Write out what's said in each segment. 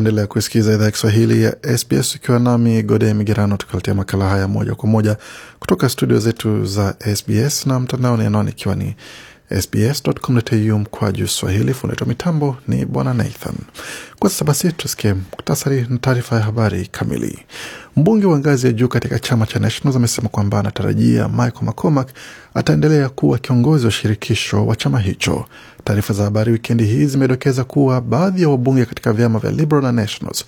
waendelea kusikiza idhaa ya Kiswahili ya SBS ukiwa nami Gode Migerano, tukaletea makala haya moja kwa moja kutoka studio zetu za SBS na mtandaoni, anaoni ikiwa ni sbs.com.au juu swahili. Funaitwa mitambo ni Bwana Nathan. Kwa sasa basi, tusikie mktasari na taarifa ya habari kamili. Mbunge wa ngazi ya juu katika chama cha Nationals amesema kwamba anatarajia Michael McCormack ataendelea kuwa kiongozi wa shirikisho wa chama hicho. Taarifa za habari wikendi hii zimedokeza kuwa baadhi ya wabunge katika vyama vya Liberal na Nationals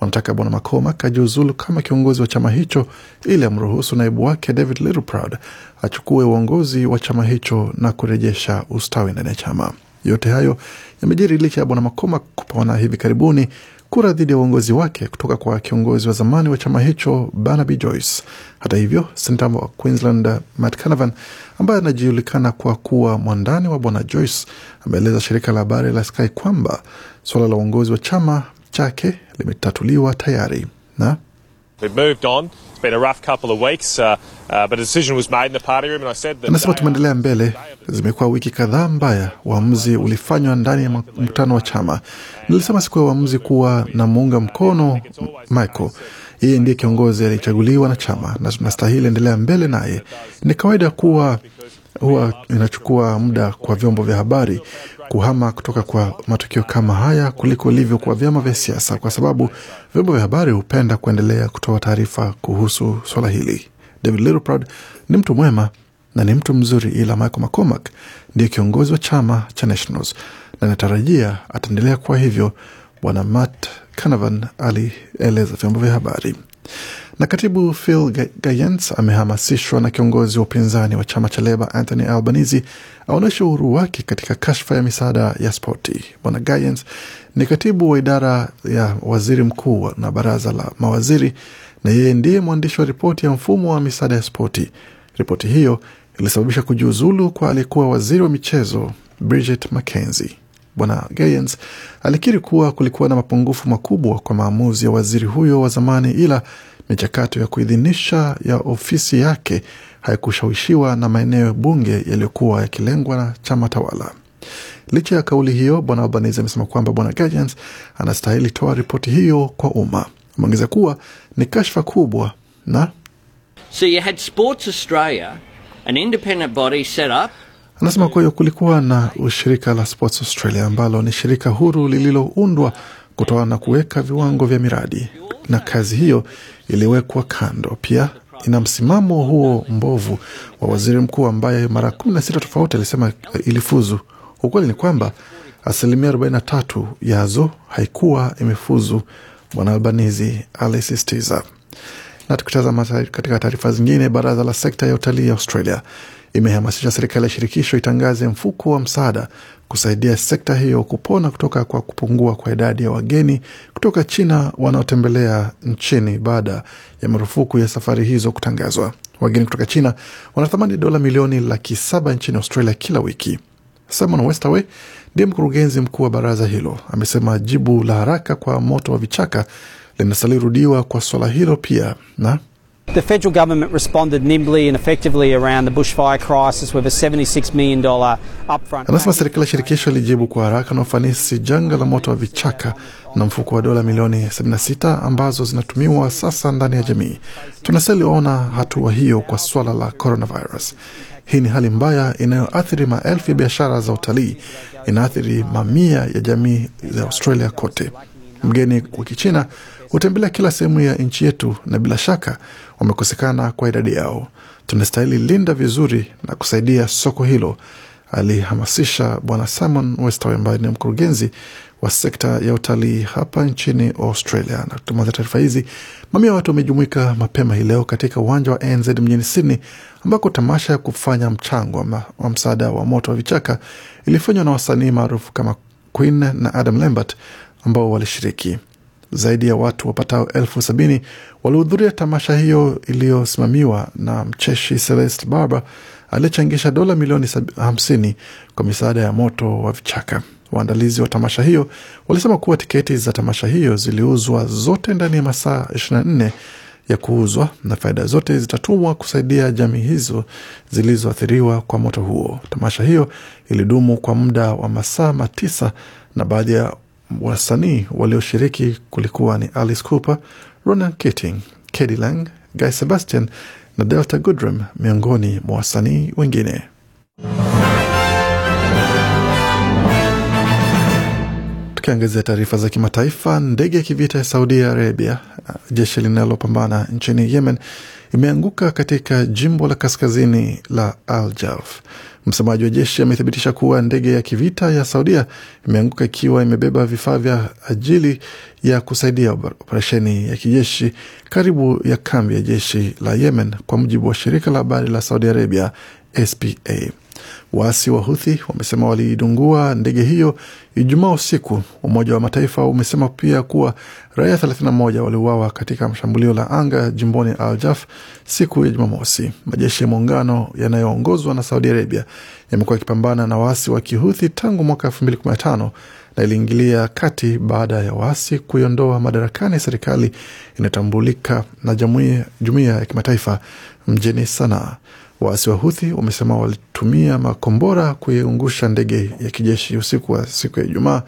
wanataka Bwana McCormack ajiuzulu kama kiongozi wa chama hicho ili amruhusu naibu wake David Littleproud achukue uongozi wa chama hicho na kurejesha ustawi ndani ya chama. Yote hayo yamejiri licha ya Bwana McCormack kupona hivi karibuni kura dhidi ya uongozi wake kutoka kwa kiongozi wa zamani wa chama hicho Barnaby Joyce. Hata hivyo, senta wa Queensland Matt Canavan ambaye anajulikana kwa kuwa mwandani wa bwana Joyce ameeleza shirika la habari la Sky kwamba suala la uongozi wa chama chake limetatuliwa tayari na They've moved on. Anasema tumeendelea mbele, zimekuwa wiki kadhaa mbaya. Uamuzi ulifanywa ndani ya mkutano wa chama. Nilisema siku ya uamuzi kuwa namuunga mkono Michael. Yeye ndiye kiongozi aliyechaguliwa na chama na tunastahili endelea mbele naye. Ni kawaida kuwa huwa inachukua muda kwa vyombo vya habari kuhama kutoka kwa matukio kama haya kuliko ilivyo kwa vyama vya siasa, kwa sababu vyombo vya habari hupenda kuendelea kutoa taarifa kuhusu swala hili. David Littleproud ni mtu mwema na ni mtu mzuri, ila Michael McCormack ndiye kiongozi wa chama cha Nationals na natarajia ataendelea kuwa hivyo, Bwana Matt Canavan alieleza vyombo vya habari. Na katibu Phil Gayens amehamasishwa na kiongozi wa upinzani wa chama cha Leba Anthony Albanese aonyeshe uhuru wake katika kashfa ya misaada ya spoti. Bwana Gayens ni katibu wa idara ya waziri mkuu na baraza la mawaziri, na yeye ndiye mwandishi wa ripoti ya mfumo wa misaada ya spoti. Ripoti hiyo ilisababisha kujiuzulu kwa aliyekuwa waziri wa michezo Bridget McKenzie. Bwana Gayens alikiri kuwa kulikuwa na mapungufu makubwa kwa maamuzi ya waziri huyo wa zamani, ila Michakato ya kuidhinisha ya ofisi yake haikushawishiwa na maeneo bunge yaliyokuwa yakilengwa na chama tawala. Licha ya kauli hiyo, Bwana Albanese amesema kwamba Bwana Gajans anastahili toa ripoti hiyo kwa umma. Ameongeza kuwa ni kashfa kubwa na so you had Sports Australia, an independent body set up Anasema kwa hiyo kulikuwa na ushirika la Sports Australia ambalo ni shirika huru lililoundwa kutoa na kuweka viwango vya miradi, na kazi hiyo iliwekwa kando. Pia ina msimamo huo mbovu wa waziri mkuu ambaye mara sita tofauti alisema eh, ilifuzu. Ukweli ni kwamba asilimia 43 yazo haikuwa imefuzu, Bwana Albanizi alisisitiza. Na tukitazama katika taarifa zingine, baraza la sekta ya utalii ya Australia imehamasisha serikali ya shirikisho itangaze mfuko wa msaada kusaidia sekta hiyo kupona kutoka kwa kupungua kwa idadi ya wageni kutoka China wanaotembelea nchini baada ya marufuku ya safari hizo kutangazwa. Wageni kutoka China wanathamani dola milioni laki saba nchini Australia kila wiki. Simon Westaway ndiye mkurugenzi mkuu wa baraza hilo, amesema jibu la haraka kwa moto wa vichaka linasalirudiwa kwa swala hilo pia na The federal government responded nimbly and effectively around the bushfire crisis with a $76 million upfront. Anasema serikali ya shirikisho ilijibu kwa haraka na ufanisi janga la moto wa vichaka na mfuko wa dola milioni 76 ambazo zinatumiwa sasa ndani ya jamii. Tunasaliona hatua hiyo kwa swala la coronavirus. Hii ni hali mbaya inayoathiri maelfu ya biashara za utalii, inaathiri mamia ya jamii za Australia kote. Mgeni wa Kichina hutembelea kila sehemu ya nchi yetu, na bila shaka wamekosekana kwa idadi yao. Tunastahili linda vizuri na kusaidia soko hilo, alihamasisha Bwana Simon Westaway ambaye ni mkurugenzi wa sekta ya utalii hapa nchini Australia. Na kutumaza taarifa hizi, mamia watu wamejumuika mapema hii leo katika uwanja wa ANZ mjini Sydney, ambako tamasha ya kufanya mchango wa msaada wa moto wa vichaka ilifanywa na wasanii maarufu kama Queen na Adam Lambert ambao walishiriki. Zaidi ya watu wapatao elfu sabini walihudhuria tamasha hiyo iliyosimamiwa na mcheshi Celest Barber aliyechangisha dola milioni hamsini kwa misaada ya moto wa vichaka. Waandalizi wa tamasha hiyo walisema kuwa tiketi za tamasha hiyo ziliuzwa zote ndani ya masaa 24 ya kuuzwa na faida zote zitatumwa kusaidia jamii hizo zilizoathiriwa kwa moto huo. Tamasha hiyo ilidumu kwa muda wa masaa matisa na baadhi ya Wasanii walioshiriki kulikuwa ni Alice Cooper, Ronan Keating, Kedi Lang, Guy Sebastian na Delta Goodrem miongoni mwa wasanii wengine. Tukiangazia taarifa za kimataifa, ndege ya kivita ya Saudi Arabia, uh, jeshi linalopambana nchini Yemen, imeanguka katika jimbo la kaskazini la aljalf Msemaji wa jeshi amethibitisha kuwa ndege ya kivita ya Saudia imeanguka ikiwa imebeba vifaa vya ajili ya kusaidia operesheni ya kijeshi karibu ya kambi ya jeshi la Yemen, kwa mujibu wa shirika la habari la Saudi Arabia SPA. Waasi wa Huthi wamesema waliidungua ndege hiyo Ijumaa usiku. Umoja wa Mataifa umesema pia kuwa raia 31 waliuawa katika shambulio la anga jimboni Aljaf siku ya Jumamosi. Majeshi ya muungano yanayoongozwa na Saudi Arabia yamekuwa yakipambana na waasi wa Kihuthi tangu mwaka 2015 na iliingilia kati baada ya waasi kuiondoa madarakani serikali inayotambulika na jumuiya ya kimataifa mjini Sanaa. Waasi wa Huthi wamesema walitumia makombora kuiungusha ndege ya kijeshi usiku wa siku ya Ijumaa,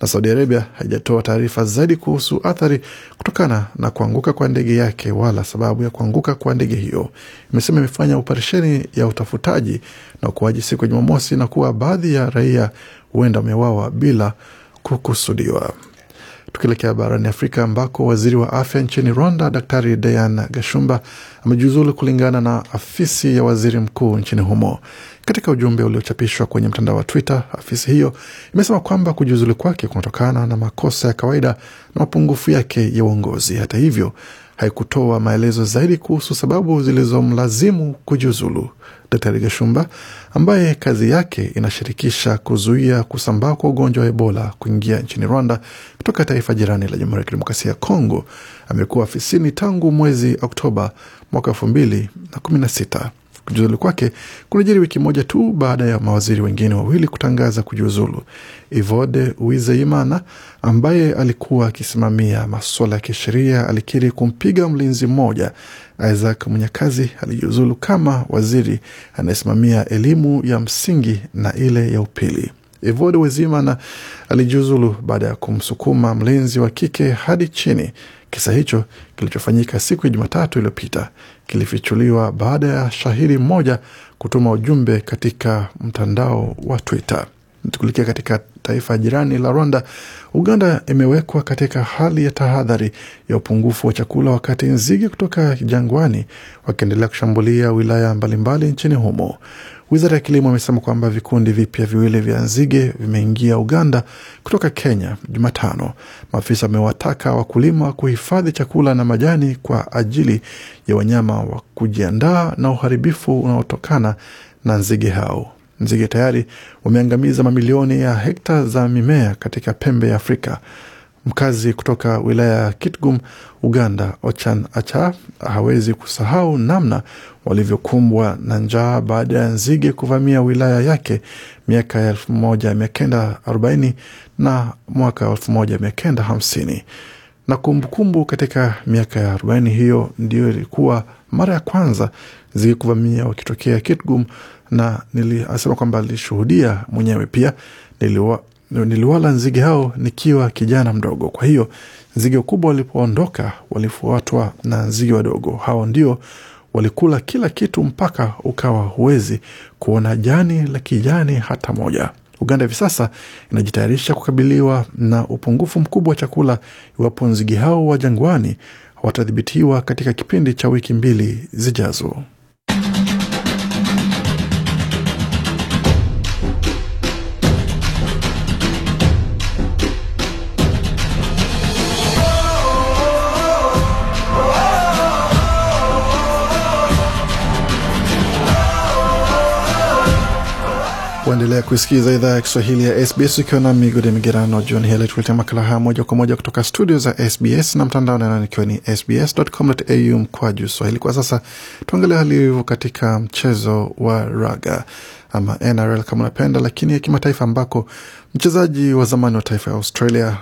na Saudi Arabia haijatoa taarifa zaidi kuhusu athari kutokana na kuanguka kwa ndege yake wala sababu ya kuanguka kwa ndege hiyo. Imesema imefanya operesheni ya utafutaji na ukoaji siku ya Jumamosi na kuwa baadhi ya raia huenda wamewawa bila kukusudiwa. Tukielekea barani Afrika ambako waziri wa afya nchini Rwanda Daktari Dean Gashumba amejiuzulu kulingana na afisi ya waziri mkuu nchini humo. Katika ujumbe uliochapishwa kwenye mtandao wa Twitter, afisi hiyo imesema kwamba kujiuzulu kwake kunatokana na makosa ya kawaida na mapungufu yake ya uongozi. Hata hivyo, haikutoa maelezo zaidi kuhusu sababu zilizomlazimu kujiuzulu. Daktari Gashumba, ambaye kazi yake inashirikisha kuzuia kusambaa kwa ugonjwa wa Ebola kuingia nchini Rwanda kutoka taifa jirani la Jamhuri ya Kidemokrasia ya Kongo, amekuwa afisini tangu mwezi Oktoba mwaka elfu mbili na kumi na sita kujiuzulu kwake kunajiri wiki moja tu baada ya mawaziri wengine wawili kutangaza kujiuzulu. wize imana ambaye alikuwa akisimamia maswala ya kisheria alikiri kumpiga mlinzi mmoja. Isaac Munyakazi alijiuzulu kama waziri anayesimamia elimu ya msingi na ile ya upili. Evode Wezima na alijiuzulu baada ya kumsukuma mlinzi wa kike hadi chini. Kisa hicho kilichofanyika siku ya Jumatatu iliyopita kilifichuliwa baada ya shahidi mmoja kutuma ujumbe katika mtandao wa Twitter. Tukulikia katika taifa jirani la Rwanda, Uganda imewekwa katika hali ya tahadhari ya upungufu wa chakula, wakati nzige kutoka jangwani wakiendelea kushambulia wilaya mbalimbali mbali nchini humo. Wizara ya Kilimo imesema kwamba vikundi vipya viwili vya nzige vimeingia Uganda kutoka Kenya Jumatano. Maafisa wamewataka wakulima kuhifadhi chakula na majani kwa ajili ya wanyama wa kujiandaa na uharibifu unaotokana na nzige hao. Nzige tayari wameangamiza mamilioni ya hekta za mimea katika pembe ya Afrika. Mkazi kutoka wilaya ya Kitgum, Uganda, Ochan Acha hawezi kusahau namna walivyokumbwa na njaa baada ya nzige kuvamia wilaya yake miaka ya 1940 na mwaka 1950 na kumbukumbu katika miaka ya 40 hiyo ndiyo ilikuwa mara ya kwanza nzige kuvamia wakitokea Kitgum, na nilisema kwamba alishuhudia mwenyewe pia. Niliwa, niliwala nzige hao nikiwa kijana mdogo. Kwa hiyo nzige kubwa walipoondoka walifuatwa na nzige wadogo. Hao ndio walikula kila kitu mpaka ukawa huwezi kuona jani la kijani hata moja. Uganda hivi sasa inajitayarisha kukabiliwa na upungufu mkubwa wa chakula iwapo nzige hao wa jangwani watadhibitiwa katika kipindi cha wiki mbili zijazo. kuendelea kuisikiza idhaa ya Kiswahili ya SBS ukiwa na migode migerano John hele, tukuletea makala haya moja kwa moja kutoka studio za SBS na mtandao nanani ikiwa ni sbs.com.au juu swahili. Kwa sasa tuangalia hali ilivyo katika mchezo wa raga ama NRL kama unapenda, lakini ya kimataifa ambako mchezaji wa zamani wa taifa ya Australia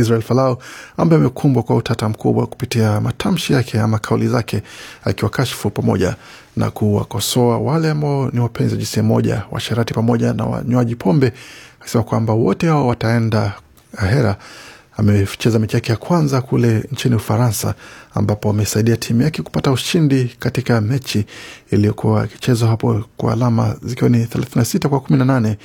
Israel Falau ambaye amekumbwa kwa utata mkubwa kupitia matamshi yake ama kauli zake, akiwakashifu pamoja na kuwakosoa wale ambao ni wapenzi wa jinsia moja, washerati pamoja na wanywaji pombe, akisema kwamba wote hao wataenda ahera. Eh, Amecheza mechi yake ya kwanza kule nchini Ufaransa, ambapo amesaidia timu yake kupata ushindi katika mechi iliyokuwa ikichezwa hapo, kwa alama zikiwa ni 36 kwa 18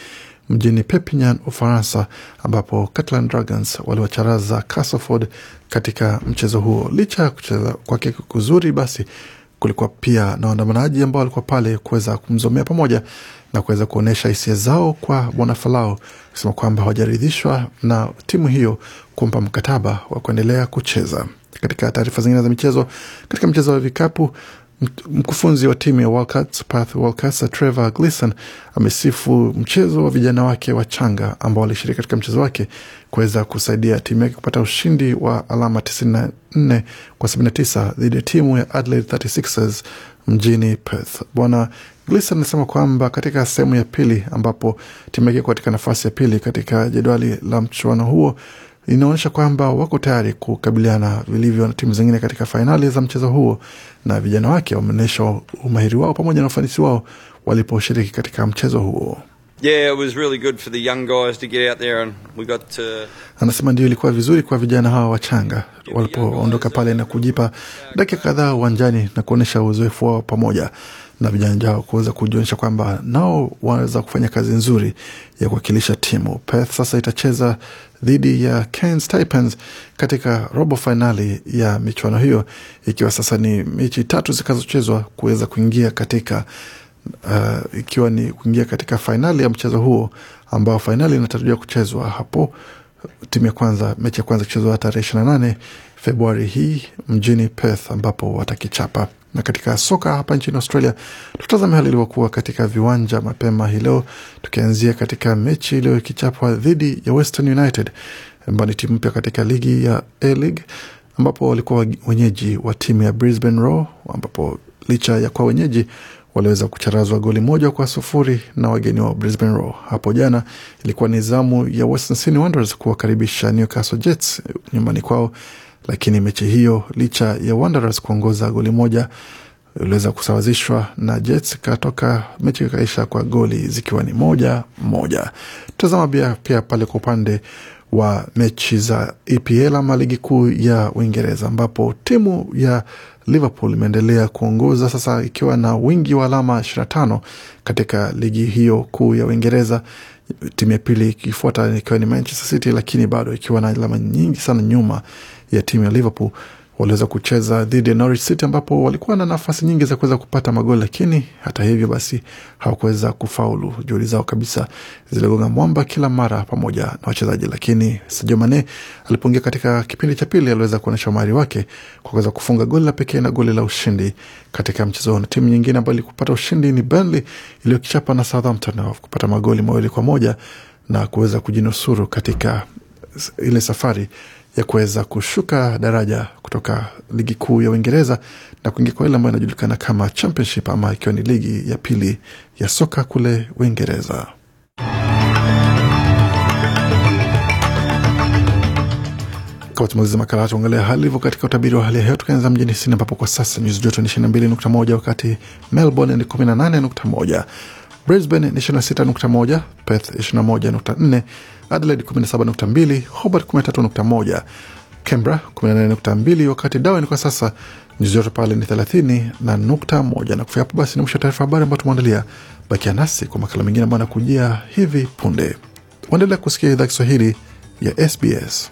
mjini Perpignan, Ufaransa, ambapo Catalan Dragons waliwacharaza Castleford katika mchezo huo. Licha ya kucheza kwake kuzuri, basi kulikuwa pia na waandamanaji ambao walikuwa pale kuweza kumzomea pamoja na kuweza kuonyesha hisia zao kwa bwana Falao, kusema kwamba hawajaridhishwa na timu hiyo kumpa mkataba wa kuendelea kucheza. Katika taarifa zingine za michezo, katika mchezo wa vikapu Mkufunzi wa timu ya Wildcats, Perth Wildcats, Trevor Gleeson amesifu mchezo wa vijana wake wa changa ambao walishiriki katika mchezo wake kuweza kusaidia timu yake kupata ushindi wa alama 94 kwa 79 dhidi ya timu ya Adelaide 36ers mjini Perth. Bwana Gleeson anasema kwamba katika sehemu ya pili ambapo timu yake katika nafasi ya pili katika jedwali la mchuano huo inaonyesha kwamba wako tayari kukabiliana vilivyo na timu zingine katika fainali za mchezo huo, na vijana wake wameonyesha umahiri wao pamoja na ufanisi wao waliposhiriki katika mchezo huo. Yeah, to... anasema ndio ilikuwa vizuri kwa vijana hawa wachanga walipoondoka pale na kujipa dakika kadhaa uwanjani na kuonyesha uzoefu wao pamoja na vijana jao kuweza kujionyesha kwamba nao wanaweza kufanya kazi nzuri ya kuwakilisha timu. Perth sasa itacheza dhidi ya Cairns Taipans katika robo fainali ya michuano hiyo, ikiwa sasa ni mechi tatu zikazochezwa kuweza kuingia katika uh, ikiwa ni kuingia katika fainali ya mchezo huo ambao fainali inatarajiwa kuchezwa hapo timu ya kwanza, mechi ya kwanza kuchezwa tarehe ishirini na nane Februari hii mjini Perth ambapo watakichapa. Na katika soka hapa nchini Australia, tutazame hali ilivyokuwa katika viwanja mapema hii leo, tukianzia katika mechi iliyo ikichapwa dhidi ya Western United ambayo ni timu mpya katika ligi ya A-League, ambapo walikuwa wenyeji wa timu ya Brisbane Roar, ambapo licha ya kuwa wenyeji waliweza kucharazwa goli moja kwa sufuri na wageni wa Brisbane Roar. Hapo jana ilikuwa ni zamu ya Western Sydney Wanderers kuwakaribisha Newcastle Jets nyumbani kwao lakini mechi hiyo licha ya Wanderers kuongoza goli moja iliweza kusawazishwa na Jets, katoka mechi kaisha kwa goli zikiwa ni moja moja. Tazama pia pale kwa upande wa mechi za EPL ama ligi kuu ya Uingereza ambapo timu ya Liverpool imeendelea kuongoza sasa ikiwa na wingi wa alama 25 katika ligi hiyo kuu ya Uingereza, timu ya pili ikifuata ikiwa ni Manchester City, lakini bado ikiwa na alama nyingi sana nyuma ya timu ya Liverpool waliweza kucheza dhidi ya Norwich City ambapo walikuwa na nafasi nyingi za kuweza kupata magoli, lakini hata hivyo basi hawakuweza kufaulu. Juhudi zao kabisa ziligonga mwamba kila mara pamoja na wachezaji, lakini Sadio Mane alipoingia katika kipindi cha pili aliweza kuonyesha umahiri wake kwa kuweza kufunga goli la pekee na goli la ushindi katika mchezo huo. Timu nyingine ambayo ilikupata ushindi ni Burnley iliyokichapa na Southampton kupata magoli mawili kwa moja na kuweza kujinusuru katika ile safari ya kuweza kushuka daraja kutoka ligi kuu ya Uingereza na kuingia kwa ile ambayo inajulikana kama Championship ama ikiwa ni ligi ya pili ya soka kule Uingereza. Kwa makala hali ilivyo katika utabiri wa hali ya hewa, tukianza mjini Sydney ambapo kwa sasa nyuzi joto ni 22.1, wakati Melbourne ni 18.1, Brisbane ni 26.1, Perth 21.4 Adelaide 17.2, Hobart 13.1, Canberra 18.2, wakati Darwin kwa sasa nyuzi joto pale ni 30 na nukta moja. Na kufia hapo basi ni mwisho wa taarifa habari ambayo tumeandalia. Bakia nasi kwa makala mengine ambayo anakujia hivi punde. Waendelea kusikia idhaa Kiswahili ya SBS.